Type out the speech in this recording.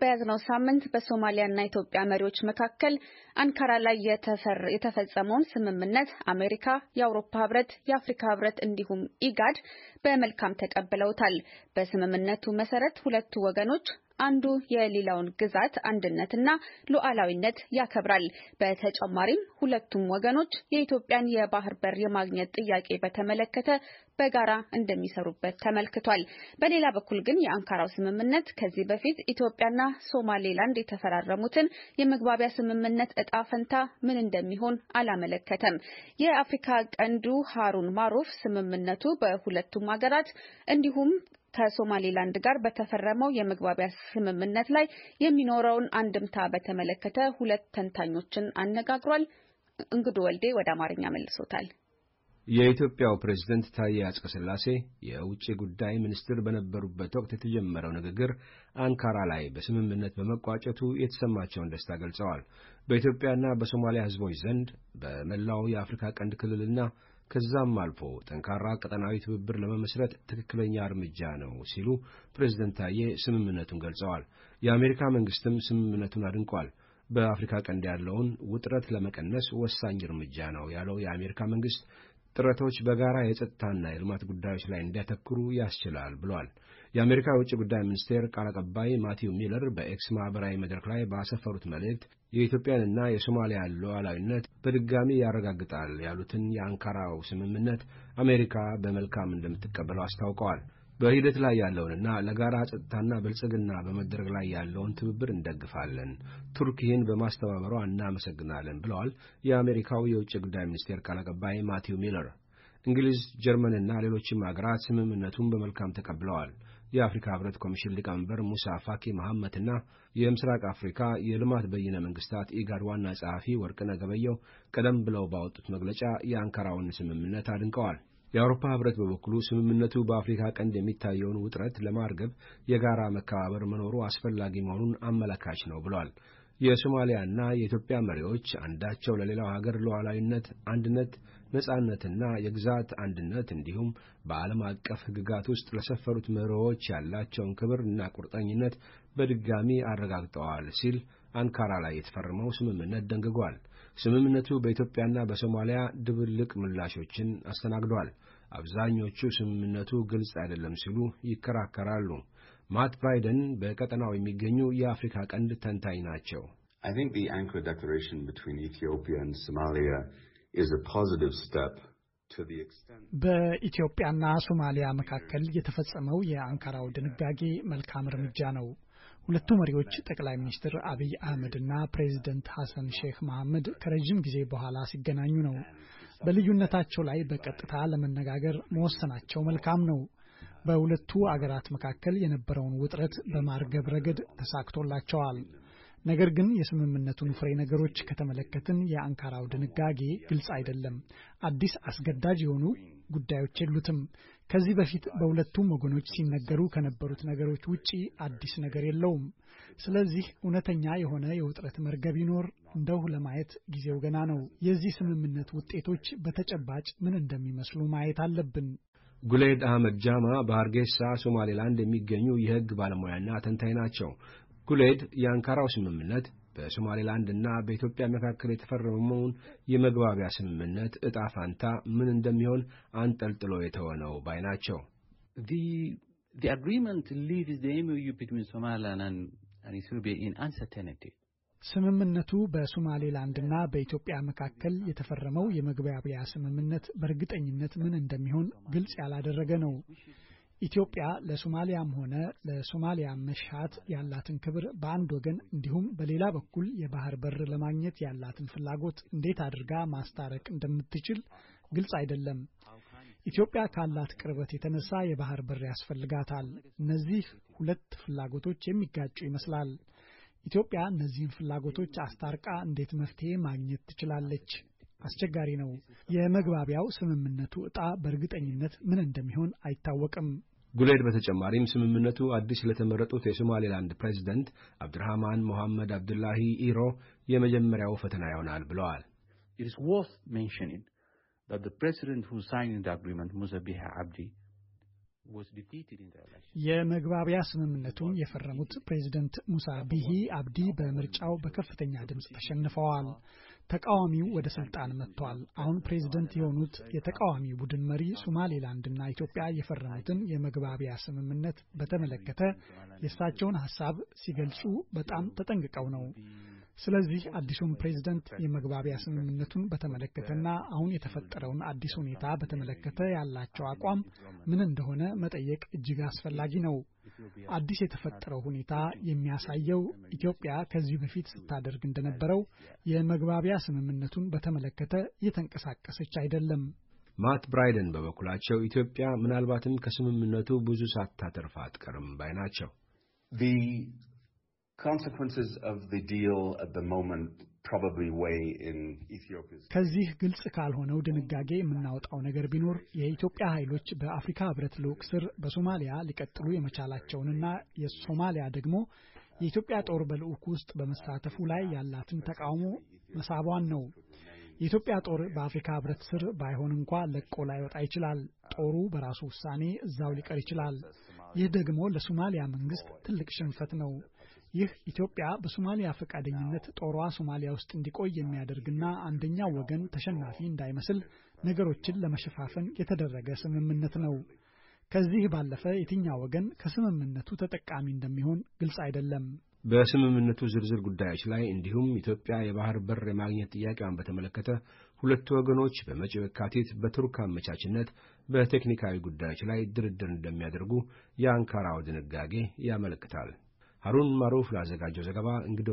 በያዝነው ሳምንት በሶማሊያና ኢትዮጵያ መሪዎች መካከል አንካራ ላይ የተፈጸመውን ስምምነት አሜሪካ፣ የአውሮፓ ህብረት፣ የአፍሪካ ህብረት እንዲሁም ኢጋድ በመልካም ተቀብለውታል። በስምምነቱ መሰረት ሁለቱ ወገኖች አንዱ የሌላውን ግዛት አንድነትና ሉዓላዊነት ያከብራል። በተጨማሪም ሁለቱም ወገኖች የኢትዮጵያን የባህር በር የማግኘት ጥያቄ በተመለከተ በጋራ እንደሚሰሩበት ተመልክቷል። በሌላ በኩል ግን የአንካራው ስምምነት ከዚህ በፊት ኢትዮጵያና ሶማሌላንድ የተፈራረሙትን የመግባቢያ ስምምነት እጣ ፈንታ ምን እንደሚሆን አላመለከተም። የአፍሪካ ቀንዱ ሃሩን ማሩፍ ስምምነቱ በሁለቱም ሀገራት እንዲሁም ከሶማሌላንድ ጋር በተፈረመው የመግባቢያ ስምምነት ላይ የሚኖረውን አንድምታ በተመለከተ ሁለት ተንታኞችን አነጋግሯል። እንግዱ ወልዴ ወደ አማርኛ መልሶታል። የኢትዮጵያው ፕሬዝደንት ታዬ አጽቀሥላሴ የውጭ ጉዳይ ሚኒስትር በነበሩበት ወቅት የተጀመረው ንግግር አንካራ ላይ በስምምነት በመቋጨቱ የተሰማቸውን ደስታ ገልጸዋል። በኢትዮጵያና በሶማሊያ ሕዝቦች ዘንድ በመላው የአፍሪካ ቀንድ ክልልና ከዛም አልፎ ጠንካራ ቀጠናዊ ትብብር ለመመስረት ትክክለኛ እርምጃ ነው ሲሉ ፕሬዝደንት ታዬ ስምምነቱን ገልጸዋል። የአሜሪካ መንግስትም ስምምነቱን አድንቋል። በአፍሪካ ቀንድ ያለውን ውጥረት ለመቀነስ ወሳኝ እርምጃ ነው ያለው የአሜሪካ መንግስት ጥረቶች በጋራ የጸጥታና የልማት ጉዳዮች ላይ እንዲያተኩሩ ያስችላል ብሏል። የአሜሪካ የውጭ ጉዳይ ሚኒስቴር ቃል አቀባይ ማቲው ሚለር በኤክስ ማኅበራዊ መድረክ ላይ ባሰፈሩት መልእክት የኢትዮጵያንና የሶማሊያን ሉዓላዊነት በድጋሚ ያረጋግጣል ያሉትን የአንካራው ስምምነት አሜሪካ በመልካም እንደምትቀበለው አስታውቀዋል። በሂደት ላይ ያለውንና ለጋራ ጸጥታና ብልጽግና በመደረግ ላይ ያለውን ትብብር እንደግፋለን፣ ቱርክ ይህን በማስተባበሯ እናመሰግናለን ብለዋል የአሜሪካው የውጭ ጉዳይ ሚኒስቴር ቃል አቀባይ ማቲው ሚለር። እንግሊዝ፣ ጀርመንና ሌሎችም አገራት ስምምነቱን በመልካም ተቀብለዋል። የአፍሪካ ህብረት ኮሚሽን ሊቀመንበር ሙሳ ፋኪ መሐመትና የምስራቅ አፍሪካ የልማት በይነ መንግስታት ኢጋድ ዋና ጸሐፊ ወርቅነ ገበየው ቀደም ብለው ባወጡት መግለጫ የአንካራውን ስምምነት አድንቀዋል። የአውሮፓ ህብረት በበኩሉ ስምምነቱ በአፍሪካ ቀንድ የሚታየውን ውጥረት ለማርገብ የጋራ መከባበር መኖሩ አስፈላጊ መሆኑን አመላካች ነው ብሏል። የሶማሊያና የኢትዮጵያ መሪዎች አንዳቸው ለሌላው ሀገር ሉዓላዊነት፣ አንድነት፣ ነጻነትና የግዛት አንድነት እንዲሁም በዓለም አቀፍ ሕግጋት ውስጥ ለሰፈሩት መርሆዎች ያላቸውን ክብርና ቁርጠኝነት በድጋሚ አረጋግጠዋል ሲል አንካራ ላይ የተፈረመው ስምምነት ደንግጓል። ስምምነቱ በኢትዮጵያና በሶማሊያ ድብልቅ ምላሾችን አስተናግዷል። አብዛኞቹ ስምምነቱ ግልጽ አይደለም ሲሉ ይከራከራሉ። ማት ባይደን በቀጠናው የሚገኙ የአፍሪካ ቀንድ ተንታኝ ናቸው። በኢትዮጵያና ሶማሊያ መካከል የተፈጸመው የአንካራው ድንጋጌ መልካም እርምጃ ነው። ሁለቱ መሪዎች ጠቅላይ ሚኒስትር አብይ አህመድ እና ፕሬዚደንት ሐሰን ሼክ መሐመድ ከረዥም ጊዜ በኋላ ሲገናኙ ነው። በልዩነታቸው ላይ በቀጥታ ለመነጋገር መወሰናቸው መልካም ነው። በሁለቱ አገራት መካከል የነበረውን ውጥረት በማርገብ ረገድ ተሳክቶላቸዋል። ነገር ግን የስምምነቱን ፍሬ ነገሮች ከተመለከትን የአንካራው ድንጋጌ ግልጽ አይደለም። አዲስ አስገዳጅ የሆኑ ጉዳዮች የሉትም። ከዚህ በፊት በሁለቱም ወገኖች ሲነገሩ ከነበሩት ነገሮች ውጪ አዲስ ነገር የለውም። ስለዚህ እውነተኛ የሆነ የውጥረት መርገብ ይኖር እንደው ለማየት ጊዜው ገና ነው። የዚህ ስምምነት ውጤቶች በተጨባጭ ምን እንደሚመስሉ ማየት አለብን። ጉሌድ አህመድ ጃማ በሀርጌሳ ሶማሌላንድ የሚገኙ የህግ ባለሙያና ተንታኝ ናቸው። ጉሌድ የአንካራው ስምምነት እና በኢትዮጵያ መካከል የተፈረመውን የመግባቢያ ስምምነት እጣ ፋንታ ምን እንደሚሆን አንጠልጥሎ የተወነው ባይ ናቸው። The agreement leaves the MOU between Somaliland and, and Ethiopia in uncertainty. ስምምነቱ በሶማሌላንድና በኢትዮጵያ መካከል የተፈረመው የመግባቢያ ስምምነት በእርግጠኝነት ምን እንደሚሆን ግልጽ ያላደረገ ነው። ኢትዮጵያ ለሶማሊያም ሆነ ለሶማሊያ መሻት ያላትን ክብር በአንድ ወገን እንዲሁም በሌላ በኩል የባህር በር ለማግኘት ያላትን ፍላጎት እንዴት አድርጋ ማስታረቅ እንደምትችል ግልጽ አይደለም። ኢትዮጵያ ካላት ቅርበት የተነሳ የባህር በር ያስፈልጋታል። እነዚህ ሁለት ፍላጎቶች የሚጋጩ ይመስላል። ኢትዮጵያ እነዚህን ፍላጎቶች አስታርቃ እንዴት መፍትሄ ማግኘት ትችላለች? አስቸጋሪ ነው። የመግባቢያው ስምምነቱ ዕጣ በእርግጠኝነት ምን እንደሚሆን አይታወቅም። ጉሌድ በተጨማሪም ስምምነቱ አዲስ ለተመረጡት የሶማሌላንድ ፕሬዚደንት አብድርሃማን ሞሐመድ አብዱላሂ ኢሮ የመጀመሪያው ፈተና ይሆናል ብለዋል። ኢትስ ወርዝ ሜንሽኒንግ ዛት ዘ ፕሬዚደንት ሁ ሳይንድ ዘ አግሪመንት ሙሳ ቢሂ አብዲ የመግባቢያ ስምምነቱን የፈረሙት ፕሬዚደንት ሙሳ ቢሂ አብዲ በምርጫው በከፍተኛ ድምፅ ተሸንፈዋል። ተቃዋሚው ወደ ስልጣን መጥቷል። አሁን ፕሬዚደንት የሆኑት የተቃዋሚ ቡድን መሪ ሶማሌላንድና ኢትዮጵያ የፈረሙትን የመግባቢያ ስምምነት በተመለከተ የእሳቸውን ሀሳብ ሲገልጹ በጣም ተጠንቅቀው ነው። ስለዚህ አዲሱን ፕሬዝደንት የመግባቢያ ስምምነቱን በተመለከተና አሁን የተፈጠረውን አዲስ ሁኔታ በተመለከተ ያላቸው አቋም ምን እንደሆነ መጠየቅ እጅግ አስፈላጊ ነው። አዲስ የተፈጠረው ሁኔታ የሚያሳየው ኢትዮጵያ ከዚህ በፊት ስታደርግ እንደነበረው የመግባቢያ ስምምነቱን በተመለከተ እየተንቀሳቀሰች አይደለም። ማት ብራይደን በበኩላቸው ኢትዮጵያ ምናልባትም ከስምምነቱ ብዙ ሳታተርፍ አትቀርም ባይ ናቸው። consequences of the deal at the moment ከዚህ ግልጽ ካልሆነው ድንጋጌ የምናወጣው ነገር ቢኖር የኢትዮጵያ ኃይሎች በአፍሪካ ሕብረት ልዑክ ስር በሶማሊያ ሊቀጥሉ የመቻላቸውንና የሶማሊያ ደግሞ የኢትዮጵያ ጦር በልዑክ ውስጥ በመሳተፉ ላይ ያላትን ተቃውሞ መሳቧን ነው። የኢትዮጵያ ጦር በአፍሪካ ህብረት ስር ባይሆን እንኳ ለቆ ላይወጣ ይችላል። ጦሩ በራሱ ውሳኔ እዛው ሊቀር ይችላል። ይህ ደግሞ ለሶማሊያ መንግስት ትልቅ ሽንፈት ነው። ይህ ኢትዮጵያ በሶማሊያ ፈቃደኝነት ጦሯ ሶማሊያ ውስጥ እንዲቆይ የሚያደርግና አንደኛው ወገን ተሸናፊ እንዳይመስል ነገሮችን ለመሸፋፈን የተደረገ ስምምነት ነው። ከዚህ ባለፈ የትኛው ወገን ከስምምነቱ ተጠቃሚ እንደሚሆን ግልጽ አይደለም። በስምምነቱ ዝርዝር ጉዳዮች ላይ እንዲሁም ኢትዮጵያ የባህር በር የማግኘት ጥያቄዋን በተመለከተ ሁለቱ ወገኖች በመጪው የካቲት በቱርክ አመቻችነት በቴክኒካዊ ጉዳዮች ላይ ድርድር እንደሚያደርጉ የአንካራው ድንጋጌ ያመለክታል። ሀሩን ማሩፍ ላዘጋጀው ዘገባ እንግዳ